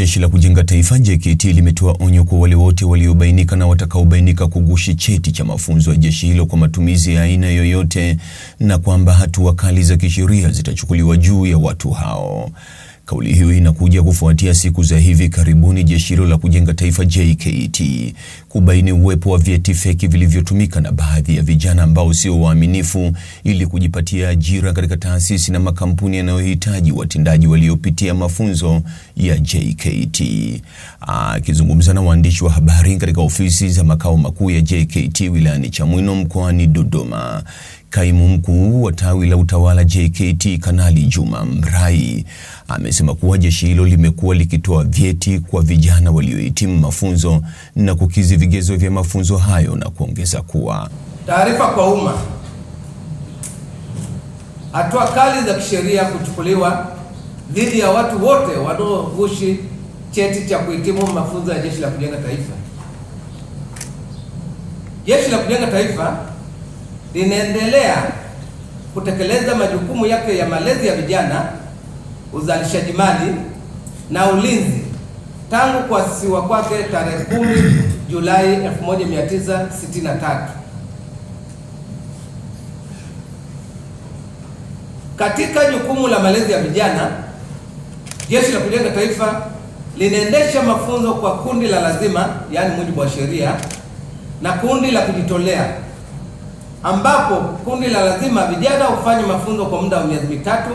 Jeshi la Kujenga Taifa JKT limetoa onyo kwa wale wote waliobainika na watakaobainika kugushi cheti cha mafunzo ya jeshi hilo kwa matumizi ya aina yoyote na kwamba hatua kali za kisheria zitachukuliwa juu ya watu hao. Kauli hiyo inakuja kufuatia siku za hivi karibuni jeshi hilo la Kujenga Taifa JKT kubaini uwepo wa vyeti feki vilivyotumika na baadhi ya vijana ambao sio waaminifu ili kujipatia ajira katika taasisi na makampuni yanayohitaji watendaji waliopitia mafunzo ya JKT. Akizungumza na waandishi wa habari katika ofisi za makao makuu ya JKT wilayani Chamwino mkoani Dodoma, Kaimu mkuu wa tawi la utawala JKT Kanali Juma Mrai amesema kuwa jeshi hilo limekuwa likitoa vyeti kwa vijana waliohitimu mafunzo na kukizi vigezo vya mafunzo hayo na kuongeza kuwa taarifa kwa umma, hatua kali za kisheria kuchukuliwa dhidi ya watu wote wanaoghushi cheti cha kuhitimu mafunzo ya Jeshi la Kujenga Taifa. Jeshi la Kujenga Taifa linaendelea kutekeleza majukumu yake ya malezi ya vijana, uzalishaji mali na ulinzi tangu kuasisiwa kwake tarehe kumi Julai 1963. Katika jukumu la malezi ya vijana, Jeshi la Kujenga Taifa linaendesha mafunzo kwa kundi la lazima, yaani mujibu wa sheria, na kundi la kujitolea, ambapo kundi la lazima vijana hufanya mafunzo kwa muda wa miezi mitatu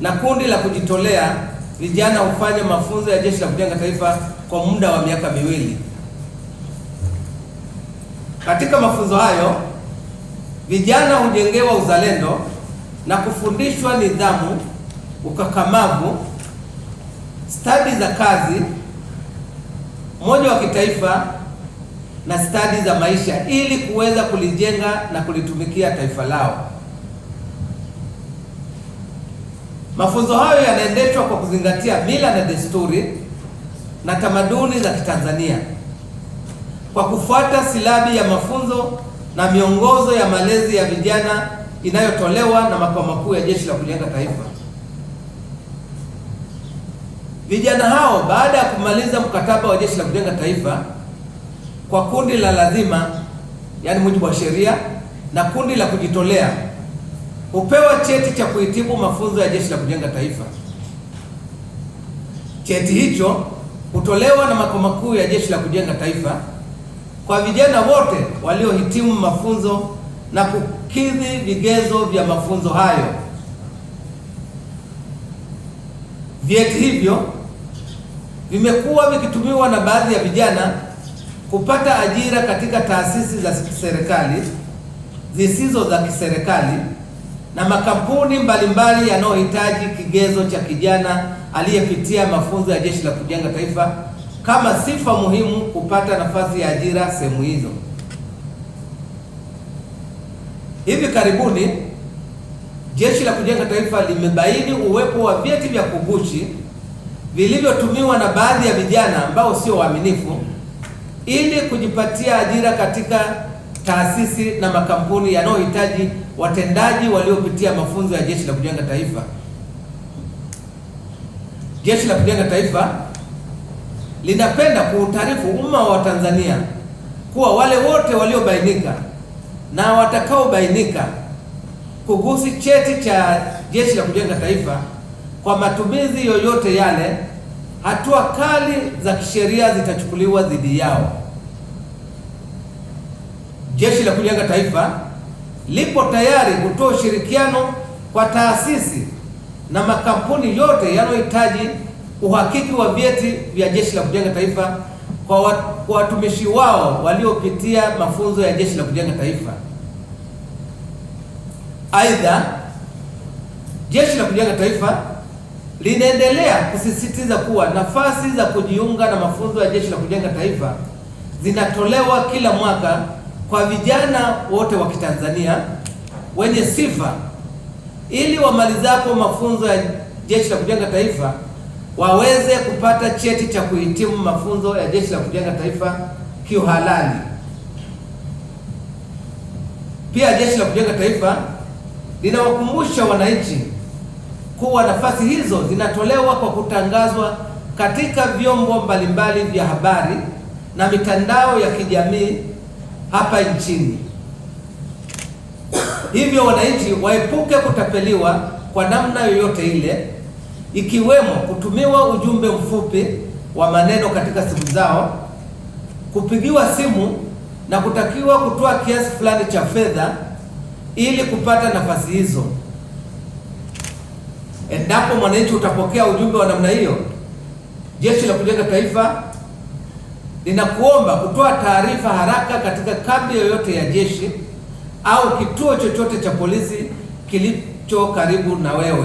na kundi la kujitolea vijana hufanya mafunzo ya Jeshi la Kujenga Taifa kwa muda wa miaka miwili. Katika mafunzo hayo vijana hujengewa uzalendo na kufundishwa nidhamu, ukakamavu, stadi za kazi, umoja wa kitaifa na stadi za maisha ili kuweza kulijenga na kulitumikia taifa lao. Mafunzo hayo yanaendeshwa kwa kuzingatia mila na desturi na tamaduni za Kitanzania kwa kufuata silabi ya mafunzo na miongozo ya malezi ya vijana inayotolewa na makao makuu ya Jeshi la Kujenga Taifa. Vijana hao baada ya kumaliza mkataba wa Jeshi la Kujenga Taifa kwa kundi la lazima, yaani mujibu wa sheria, na kundi la kujitolea hupewa cheti cha kuhitimu mafunzo ya Jeshi la Kujenga Taifa. Cheti hicho hutolewa na makao makuu ya Jeshi la Kujenga Taifa kwa vijana wote waliohitimu mafunzo na kukidhi vigezo vya mafunzo hayo. Vyeti hivyo vimekuwa vikitumiwa na baadhi ya vijana kupata ajira katika taasisi za serikali, zisizo za kiserikali na makampuni mbalimbali yanayohitaji kigezo cha kijana aliyepitia mafunzo ya Jeshi la Kujenga Taifa kama sifa muhimu kupata nafasi ya ajira sehemu hizo. Hivi karibuni Jeshi la Kujenga Taifa limebaini uwepo wa vyeti vya kugushi vilivyotumiwa na baadhi ya vijana ambao sio waaminifu ili kujipatia ajira katika taasisi na makampuni yanayohitaji watendaji waliopitia mafunzo ya Jeshi la Kujenga Taifa. Jeshi la Kujenga Taifa linapenda kuutaarifu umma wa Tanzania kuwa wale wote waliobainika na watakaobainika kugusi cheti cha Jeshi la Kujenga Taifa kwa matumizi yoyote yale, hatua kali za kisheria zitachukuliwa dhidi yao. Jeshi la Kujenga Taifa lipo tayari kutoa ushirikiano kwa taasisi na makampuni yote yanayohitaji uhakiki wa vyeti vya Jeshi la Kujenga Taifa kwa watumishi wao waliopitia mafunzo ya Jeshi la Kujenga Taifa. Aidha, Jeshi la Kujenga Taifa linaendelea kusisitiza kuwa nafasi za kujiunga na mafunzo ya Jeshi la Kujenga Taifa zinatolewa kila mwaka kwa vijana wote wa Kitanzania wenye sifa ili wamalizapo mafunzo ya Jeshi la Kujenga Taifa waweze kupata cheti cha kuhitimu mafunzo ya Jeshi la Kujenga Taifa kiuhalali. Pia Jeshi la Kujenga Taifa linawakumbusha wananchi kuwa nafasi hizo zinatolewa kwa kutangazwa katika vyombo mbalimbali vya habari na mitandao ya kijamii hapa nchini. Hivyo wananchi waepuke kutapeliwa kwa namna yoyote ile ikiwemo kutumiwa ujumbe mfupi wa maneno katika simu zao, kupigiwa simu na kutakiwa kutoa kiasi fulani cha fedha ili kupata nafasi hizo. Endapo mwananchi utapokea ujumbe wa namna hiyo, Jeshi la Kujenga Taifa linakuomba kutoa taarifa haraka katika kambi yoyote ya jeshi au kituo chochote cha polisi kilicho karibu na wewe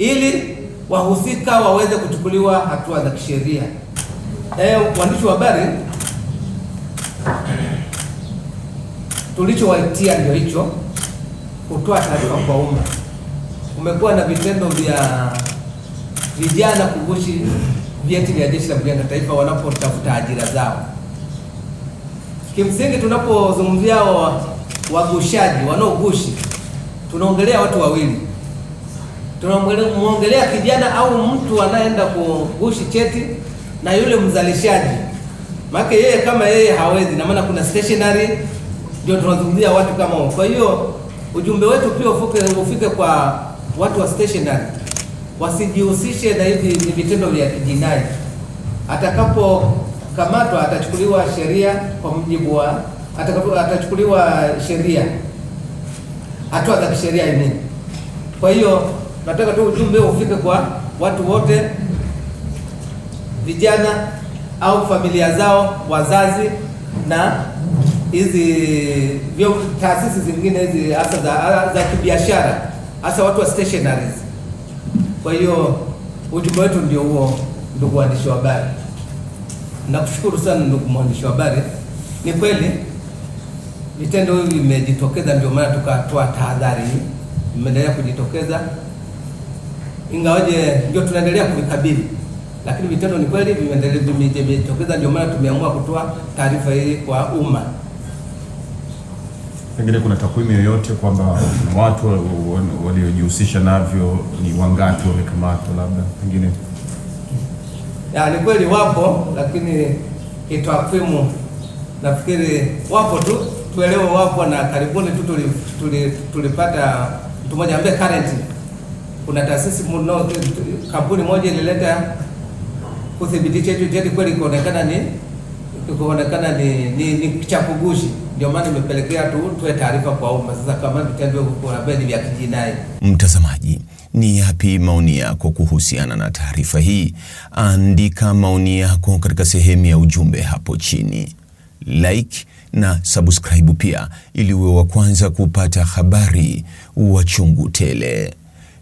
ili wahusika waweze kuchukuliwa hatua za kisheria. Eh, waandishi wa habari, tulichowaitia ndio hicho, kutoa taarifa kwa umma. Kumekuwa na vitendo vya vijana kugushi vyeti vya Jeshi la Kujenga Taifa wanapotafuta ajira zao. Kimsingi, tunapozungumzia wagushaji wanaogushi, tunaongelea watu wawili tunamwongelea kijana au mtu anayeenda kugushi cheti na yule mzalishaji, maana yeye kama yeye hawezi, na maana kuna stationary, ndio tunazungumzia watu kama hao. Kwa hiyo ujumbe wetu pia ufike ufike kwa watu wa stationary, wasijihusishe na hivi ni vitendo vya kijinai. Atakapokamatwa atachukuliwa sheria kwa mujibu wa atachukuliwa sheria, hatua za kisheria. Kwa hiyo Nataka tu ujumbe ufike kwa watu wote, vijana au familia zao, wazazi na hizi taasisi zingine hizi hasa za, za kibiashara hasa watu wa stationaries. Kwa hiyo ujumbe wetu ndio huo, ndugu waandishi wa habari. Nakushukuru sana ndugu mwandishi wa habari. Ni kweli vitendo hivi vimejitokeza, ndio maana tukatoa tahadhari hii, imeendelea kujitokeza ingawaje ndio tunaendelea kuvikabili, lakini vitendo ni kweli vimeendelea vimejitokeza, ndio maana tumeamua kutoa taarifa hii kwa umma. Pengine kuna takwimu yoyote kwamba watu waliojihusisha navyo ni wangapi wamekamatwa? Labda pengine ya, ni kweli wapo, lakini itakwimu nafikiri wapo tu, tuelewe wapo, na karibuni tu tulipata mtu mmoja ambaye current kuna taasisi mno kampuni moja ilileta kuthibitisha hicho cheti kweli, kuonekana ni kuonekana ni ni, ni cha ndio maana imepelekea tu tuwe taarifa kwa umma. Sasa kama vitendo ni vya kijinai. Mtazamaji, ni yapi maoni yako kuhusiana na taarifa hii? Andika maoni yako katika sehemu ya ujumbe hapo chini, like na subscribe pia, ili uwe wa kwanza kupata habari wa chungu tele.